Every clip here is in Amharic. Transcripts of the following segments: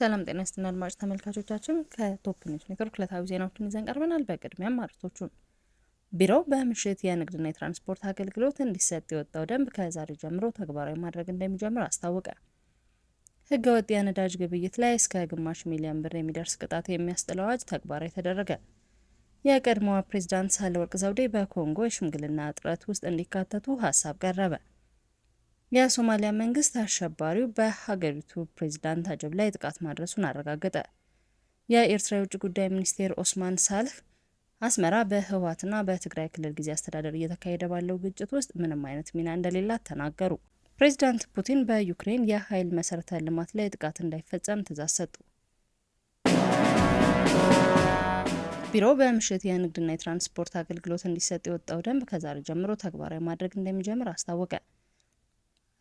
ሰላም ጤና ይስጥልን አድማጭ ተመልካቾቻችን፣ ከቶፕ ኒውስ ኔትወርክ ዕለታዊ ዜናዎችን ይዘን ቀርበናል። በቅድሚያም አርዕስቶቹን። ቢሮው በምሽት የንግድና የትራንስፖርት አገልግሎት እንዲሰጥ የወጣው ደንብ ከዛሬ ጀምሮ ተግባራዊ ማድረግ እንደሚጀምር አስታወቀ። ህገወጥ የነዳጅ ግብይት ላይ እስከ ግማሽ ሚሊዮን ብር የሚደርስ ቅጣት የሚያስጥል አዋጅ ተግባራዊ ተደረገ። የቀድሞዋ ፕሬዚዳንት ሳህለወርቅ ዘውዴ በኮንጎ የሽምግልና ጥረት ውስጥ እንዲካተቱ ሀሳብ ቀረበ። የሶማሊያ መንግስት አሸባሪው በሀገሪቱ ፕሬዝዳንት አጀብ ላይ ጥቃት ማድረሱን አረጋገጠ። የኤርትራ የውጭ ጉዳይ ሚኒስቴር ኦስማን ሳልህ አስመራ በህወሓትና በትግራይ ክልል ጊዜ አስተዳደር እየተካሄደ ባለው ግጭት ውስጥ ምንም አይነት ሚና እንደሌላት ተናገሩ። ፕሬዚዳንት ፑቲን በዩክሬን የኃይል መሰረተ ልማት ላይ ጥቃት እንዳይፈጸም ትእዛዝ ሰጡ። ቢሮው በምሽት የንግድና የትራንስፖርት አገልግሎት እንዲሰጥ የወጣው ደንብ ከዛሬ ጀምሮ ተግባራዊ ማድረግ እንደሚጀምር አስታወቀ።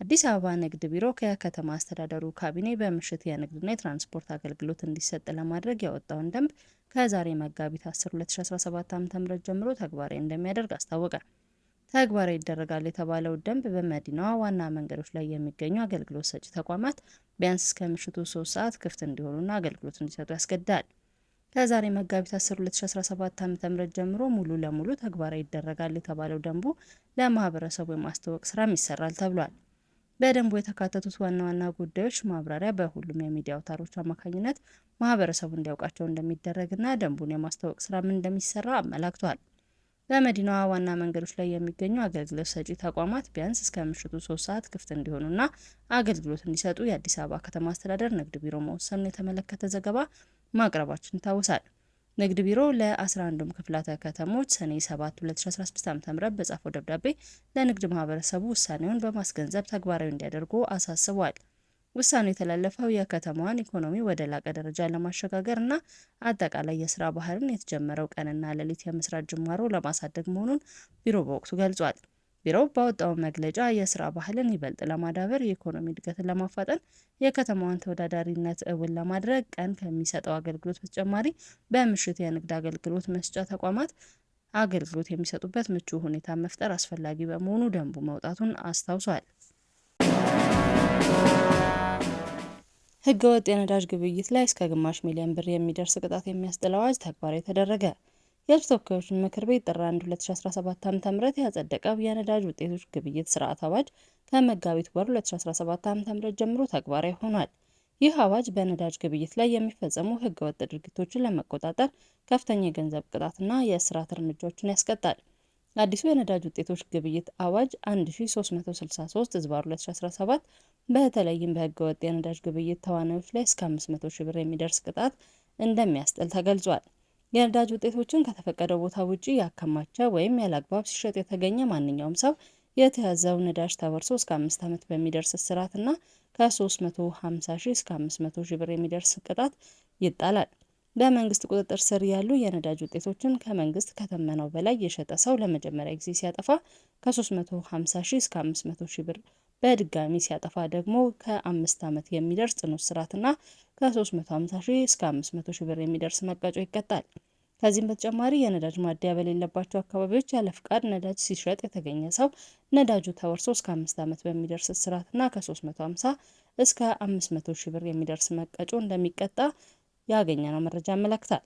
አዲስ አበባ ንግድ ቢሮ ከከተማ አስተዳደሩ ካቢኔ በምሽት የንግድና የትራንስፖርት አገልግሎት እንዲሰጥ ለማድረግ ያወጣውን ደንብ ከዛሬ መጋቢት 10 2017 ዓ.ም ጀምሮ ተግባራዊ እንደሚያደርግ አስታወቀ። ተግባራዊ ይደረጋል የተባለው ደንብ በመዲናዋ ዋና መንገዶች ላይ የሚገኙ አገልግሎት ሰጪ ተቋማት ቢያንስ እስከ ምሽቱ 3 ሰዓት ክፍት እንዲሆኑና አገልግሎት እንዲሰጡ ያስገድዳል። ከዛሬ መጋቢት 10 2017 ዓ.ም ጀምሮ ሙሉ ለሙሉ ተግባራዊ ይደረጋል የተባለው ደንቡ ለማህበረሰቡ የማስተዋወቅ ስራም ይሰራል ተብሏል። በደንቡ የተካተቱት ዋና ዋና ጉዳዮች ማብራሪያ በሁሉም የሚዲያ አውታሮች አማካኝነት ማህበረሰቡ እንዲያውቃቸው እንደሚደረግና ደንቡን የማስታወቅ ስራም እንደሚሰራ አመላክቷል። በመዲናዋ ዋና መንገዶች ላይ የሚገኙ አገልግሎት ሰጪ ተቋማት ቢያንስ እስከ ምሽቱ ሶስት ሰዓት ክፍት እንዲሆኑና አገልግሎት እንዲሰጡ የአዲስ አበባ ከተማ አስተዳደር ንግድ ቢሮ መወሰኑን የተመለከተ ዘገባ ማቅረባችን ይታወሳል። ንግድ ቢሮ ለ11ዱም ክፍላተ ከተሞች ሰኔ 7 2016 ዓ ም በጻፈው ደብዳቤ ለንግድ ማህበረሰቡ ውሳኔውን በማስገንዘብ ተግባራዊ እንዲያደርጉ አሳስቧል። ውሳኔው የተላለፈው የከተማዋን ኢኮኖሚ ወደ ላቀ ደረጃ ለማሸጋገር እና አጠቃላይ የስራ ባህልን የተጀመረው ቀንና ሌሊት የመስራት ጅማሮ ለማሳደግ መሆኑን ቢሮ በወቅቱ ገልጿል። ቢሮው ባወጣው መግለጫ የስራ ባህልን ይበልጥ ለማዳበር፣ የኢኮኖሚ እድገትን ለማፋጠን፣ የከተማዋን ተወዳዳሪነት እውን ለማድረግ ቀን ከሚሰጠው አገልግሎት በተጨማሪ በምሽት የንግድ አገልግሎት መስጫ ተቋማት አገልግሎት የሚሰጡበት ምቹ ሁኔታ መፍጠር አስፈላጊ በመሆኑ ደንቡ መውጣቱን አስታውሷል። ህገወጥ የነዳጅ ግብይት ላይ እስከ ግማሽ ሚሊዮን ብር የሚደርስ ቅጣት የሚያስጥል አዋጅ ተግባራዊ ተደረገ። የሕዝብ ተወካዮች ምክር ቤት ጥር 1 2017 ዓ.ም ያጸደቀው የነዳጅ ውጤቶች ግብይት ስርዓት አዋጅ ከመጋቢት ወር 2017 ዓ.ም ጀምሮ ተግባራዊ ሆኗል። ይህ አዋጅ በነዳጅ ግብይት ላይ የሚፈጸሙ ህገወጥ ድርጊቶችን ለመቆጣጠር ከፍተኛ የገንዘብ ቅጣትና የእስራት እርምጃዎችን ያስቀጣል። አዲሱ የነዳጅ ውጤቶች ግብይት አዋጅ 1363 ዝባ 2017 በተለይም በህገወጥ የነዳጅ ግብይት ተዋናዮች ላይ እስከ 500 ሺህ ብር የሚደርስ ቅጣት እንደሚያስጥል ተገልጿል። የነዳጅ ውጤቶችን ከተፈቀደው ቦታ ውጪ ያከማቸ ወይም ያለአግባብ ሲሸጥ የተገኘ ማንኛውም ሰው የተያዘው ነዳጅ ተበርሶ እስከ አምስት ዓመት በሚደርስ እስራትና ከ350 ሺህ እስከ 500 ሺህ ብር የሚደርስ ቅጣት ይጣላል። በመንግስት ቁጥጥር ስር ያሉ የነዳጅ ውጤቶችን ከመንግስት ከተመነው በላይ የሸጠ ሰው ለመጀመሪያ ጊዜ ሲያጠፋ ከ350 ሺህ እስከ 500 ሺህ ብር፣ በድጋሚ ሲያጠፋ ደግሞ ከአምስት ዓመት የሚደርስ ጽኑ እስራትና ከ350 ሺህ እስከ 500 ሺህ ብር የሚደርስ መቀጮ ይቀጣል። ከዚህም በተጨማሪ የነዳጅ ማደያ በሌለባቸው አካባቢዎች ያለ ፍቃድ ነዳጅ ሲሸጥ የተገኘ ሰው ነዳጁ ተወርሶ እስከ አምስት ዓመት በሚደርስ እስራትና ከ350 እስከ 500 ሺህ ብር የሚደርስ መቀጮ እንደሚቀጣ ያገኘነው መረጃ ያመለክታል።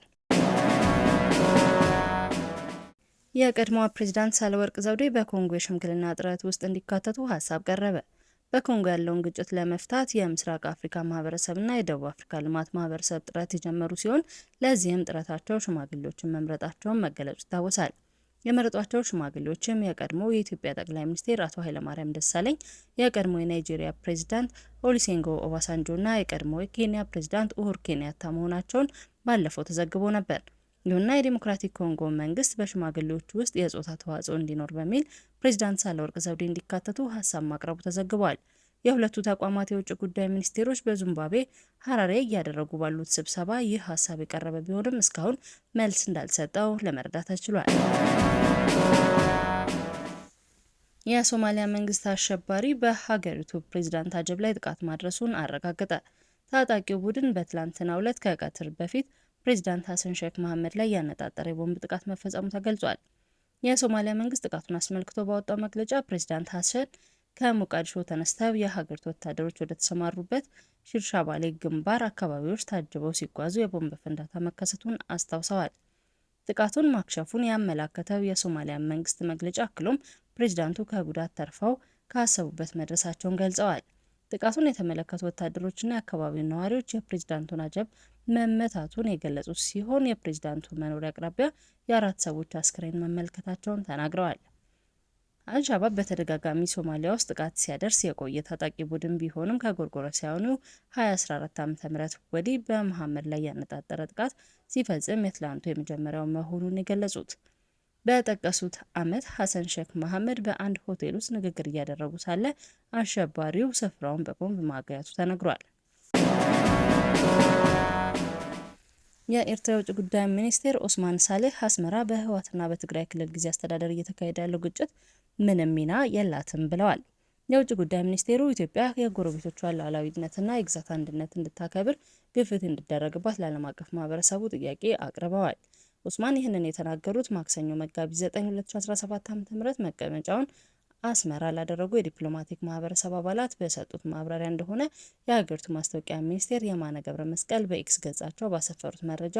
የቀድሞዋ ፕሬዚዳንት ሳህለወርቅ ዘውዴ በኮንጎ የሽምግልና ጥረት ውስጥ እንዲካተቱ ሀሳብ ቀረበ። በኮንጎ ያለውን ግጭት ለመፍታት የምስራቅ አፍሪካ ማህበረሰብና የደቡብ አፍሪካ ልማት ማህበረሰብ ጥረት የጀመሩ ሲሆን ለዚህም ጥረታቸው ሽማግሌዎችን መምረጣቸውን መገለጹ ይታወሳል። የመረጧቸው ሽማግሌዎችም የቀድሞ የኢትዮጵያ ጠቅላይ ሚኒስትር አቶ ኃይለማርያም ደሳለኝ፣ የቀድሞ የናይጄሪያ ፕሬዚዳንት ኦሉሴጉን ኦባሳንጆና የቀድሞ የኬንያ ፕሬዚዳንት ኡሁር ኬንያታ መሆናቸውን ባለፈው ተዘግቦ ነበር። ይሁንና የዲሞክራቲክ ኮንጎ መንግስት በሽማግሌዎች ውስጥ የጾታ ተዋጽኦ እንዲኖር በሚል ፕሬዚዳንት ሳህለወርቅ ዘውዴ እንዲካተቱ ሀሳብ ማቅረቡ ተዘግቧል። የሁለቱ ተቋማት የውጭ ጉዳይ ሚኒስቴሮች በዙምባቤ ሀራሬ እያደረጉ ባሉት ስብሰባ ይህ ሀሳብ የቀረበ ቢሆንም እስካሁን መልስ እንዳልሰጠው ለመረዳት ተችሏል። የሶማሊያ መንግስት አሸባሪ በሀገሪቱ ፕሬዚዳንት አጀብ ላይ ጥቃት ማድረሱን አረጋገጠ። ታጣቂው ቡድን በትላንትናው ዕለት ከቀትር በፊት ፕሬዚዳንት ሐሰን ሼክ መሐመድ ላይ ያነጣጠረ የቦምብ ጥቃት መፈጸሙ ተገልጿል። የሶማሊያ መንግስት ጥቃቱን አስመልክቶ ባወጣው መግለጫ ፕሬዚዳንት ሀሰን ከሞቃዲሾ ተነስተው የሀገሪቱ ወታደሮች ወደ ተሰማሩበት ባሌ ግንባር አካባቢዎች ታጅበው ሲጓዙ የቦምብ ፍንዳታ መከሰቱን አስታውሰዋል። ጥቃቱን ማክሸፉን ያመላከተው የሶማሊያ መንግስት መግለጫ አክሎም ፕሬዚዳንቱ ከጉዳት ተርፈው ካሰቡበት መድረሳቸውን ገልጸዋል። ጥቃቱን የተመለከቱ ወታደሮችና የአካባቢው ነዋሪዎች የፕሬዝዳንቱን አጀብ መመታቱን የገለጹ ሲሆን የፕሬዝዳንቱ መኖሪያ አቅራቢያ የአራት ሰዎች አስክሬን መመልከታቸውን ተናግረዋል። አልሻባብ በተደጋጋሚ ሶማሊያ ውስጥ ጥቃት ሲያደርስ የቆየ ታጣቂ ቡድን ቢሆንም ከጎርጎሮሳውያኑ 2014 ዓ.ም ወዲህ በመሐመድ ላይ ያነጣጠረ ጥቃት ሲፈጽም የትላንቱ የመጀመሪያው መሆኑን የገለጹት በጠቀሱት ዓመት ሐሰን ሼክ መሐመድ በአንድ ሆቴል ውስጥ ንግግር እያደረጉ ሳለ አሸባሪው ስፍራውን በቦምብ ማጋየቱ ተነግሯል። የኤርትራ የውጭ ጉዳይ ሚኒስቴር ኦስማን ሳሌህ አስመራ በህወሓትና በትግራይ ክልል ጊዜ አስተዳደር እየተካሄደ ያለው ግጭት ምንም ሚና የላትም ብለዋል። የውጭ ጉዳይ ሚኒስቴሩ ኢትዮጵያ የጎረቤቶቿን ሉዓላዊነትና የግዛት አንድነት እንድታከብር ግፊት እንዲደረግባት ለዓለም አቀፍ ማህበረሰቡ ጥያቄ አቅርበዋል። ኡስማን ይህንን የተናገሩት ማክሰኞ መጋቢት 9 2017 ዓ.ም መቀመጫውን አስመራ ላደረጉ የዲፕሎማቲክ ማህበረሰብ አባላት በሰጡት ማብራሪያ እንደሆነ የሀገሪቱ ማስታወቂያ ሚኒስቴር የማነ ገብረ መስቀል በኤክስ ገጻቸው ባሰፈሩት መረጃ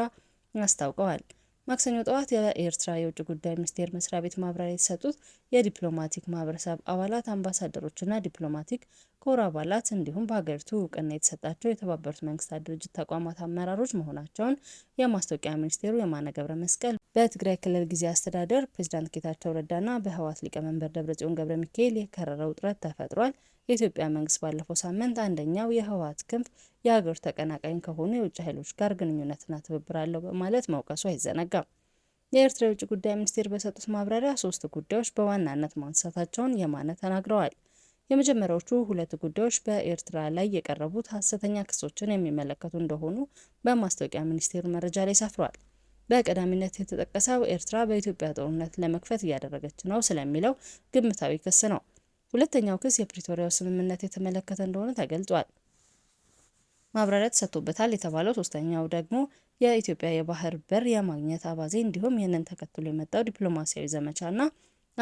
አስታውቀዋል። ማክሰኞ ጠዋት የኤርትራ የውጭ ጉዳይ ሚኒስቴር መስሪያ ቤት ማብራሪያ የተሰጡት የዲፕሎማቲክ ማህበረሰብ አባላት አምባሳደሮችና ዲፕሎማቲክ ኮር አባላት እንዲሁም በሀገሪቱ እውቅና የተሰጣቸው የተባበሩት መንግስታት ድርጅት ተቋማት አመራሮች መሆናቸውን የማስታወቂያ ሚኒስቴሩ የማነ ገብረ መስቀል በትግራይ ክልል ጊዜ አስተዳደር ፕሬዚዳንት ጌታቸው ረዳና በህወሓት ሊቀመንበር ደብረጽዮን ገብረ ሚካኤል የከረረ ውጥረት ተፈጥሯል የኢትዮጵያ መንግስት ባለፈው ሳምንት አንደኛው የህወሓት ክንፍ የሀገር ተቀናቃኝ ከሆኑ የውጭ ኃይሎች ጋር ግንኙነትና ትብብር አለው በማለት መውቀሱ አይዘነጋም። የኤርትራ የውጭ ጉዳይ ሚኒስቴር በሰጡት ማብራሪያ ሶስት ጉዳዮች በዋናነት ማንሳታቸውን የማነ ተናግረዋል። የመጀመሪያዎቹ ሁለት ጉዳዮች በኤርትራ ላይ የቀረቡት ሀሰተኛ ክሶችን የሚመለከቱ እንደሆኑ በማስታወቂያ ሚኒስቴሩ መረጃ ላይ ሰፍሯል። በቀዳሚነት የተጠቀሰው ኤርትራ በኢትዮጵያ ጦርነት ለመክፈት እያደረገች ነው ስለሚለው ግምታዊ ክስ ነው። ሁለተኛው ክስ የፕሪቶሪያው ስምምነት የተመለከተ እንደሆነ ተገልጿል። ማብራሪያ ተሰጥቶበታል የተባለው ሶስተኛው ደግሞ የኢትዮጵያ የባህር በር የማግኘት አባዜ እንዲሁም ይህንን ተከትሎ የመጣው ዲፕሎማሲያዊ ዘመቻና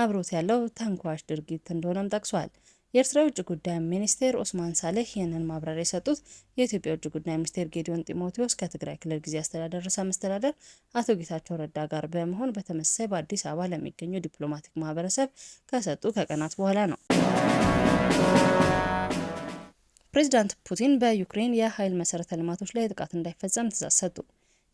አብሮት ያለው ተንኳሽ ድርጊት እንደሆነም ጠቅሷል። የኤርትራ የውጭ ጉዳይ ሚኒስቴር ኦስማን ሳሌህ ይህንን ማብራሪያ የሰጡት የኢትዮጵያ የውጭ ጉዳይ ሚኒስቴር ጌዲዮን ጢሞቴዎስ ከትግራይ ክልል ጊዜ አስተዳደር ርዕሰ መስተዳደር አቶ ጌታቸው ረዳ ጋር በመሆን በተመሳሳይ በአዲስ አበባ ለሚገኘው ዲፕሎማቲክ ማህበረሰብ ከሰጡ ከቀናት በኋላ ነው። ፕሬዚዳንት ፑቲን በዩክሬን የኃይል መሰረተ ልማቶች ላይ ጥቃት እንዳይፈጸም ትእዛዝ ሰጡ።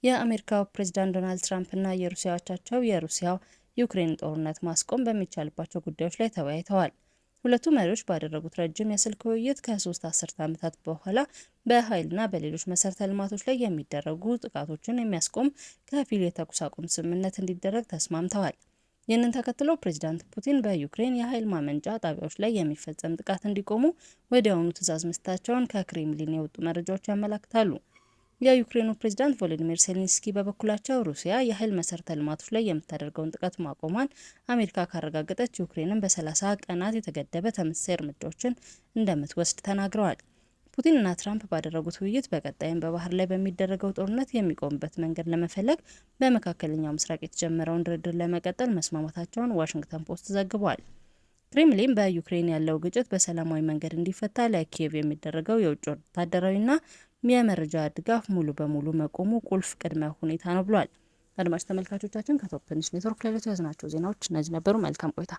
የአሜሪካው ፕሬዚዳንት ዶናልድ ትራምፕ እና የሩሲያዎቻቸው የሩሲያው ዩክሬን ጦርነት ማስቆም በሚቻልባቸው ጉዳዮች ላይ ተወያይተዋል። ሁለቱ መሪዎች ባደረጉት ረጅም የስልክ ውይይት ከሶስት አስርተ ዓመታት በኋላ በኃይልና በሌሎች መሰረተ ልማቶች ላይ የሚደረጉ ጥቃቶችን የሚያስቆም ከፊል የተኩስ አቁም ስምምነት እንዲደረግ ተስማምተዋል። ይህንን ተከትሎ ፕሬዚዳንት ፑቲን በዩክሬን የኃይል ማመንጫ ጣቢያዎች ላይ የሚፈጸም ጥቃት እንዲቆሙ ወዲያውኑ ትዕዛዝ መስጠታቸውን ከክሬምሊን የወጡ መረጃዎች ያመላክታሉ። የዩክሬኑ ፕሬዝዳንት ቮሎዲሚር ዜሌንስኪ በበኩላቸው ሩሲያ የኃይል መሰረተ ልማቶች ላይ የምታደርገውን ጥቃት ማቆሟን አሜሪካ ካረጋገጠች ዩክሬንን በ30 ቀናት የተገደበ ተመሳሳይ እርምጃዎችን እንደምትወስድ ተናግረዋል። ፑቲንና ትራምፕ ባደረጉት ውይይት በቀጣይም በባህር ላይ በሚደረገው ጦርነት የሚቆምበት መንገድ ለመፈለግ በመካከለኛው ምስራቅ የተጀመረውን ድርድር ለመቀጠል መስማማታቸውን ዋሽንግተን ፖስት ዘግቧል። ክሬምሊን በዩክሬን ያለው ግጭት በሰላማዊ መንገድ እንዲፈታ ለኪየቭ የሚደረገው የውጭ ወታደራዊና የመረጃ ድጋፍ ሙሉ በሙሉ መቆሙ ቁልፍ ቅድመ ሁኔታ ነው ብሏል። አድማጭ ተመልካቾቻችን ከቶፕ ቴንስ ኔትወርክ ለዕለቱ ያዝናቸው ዜናዎች እነዚህ ነበሩ። መልካም ቆይታ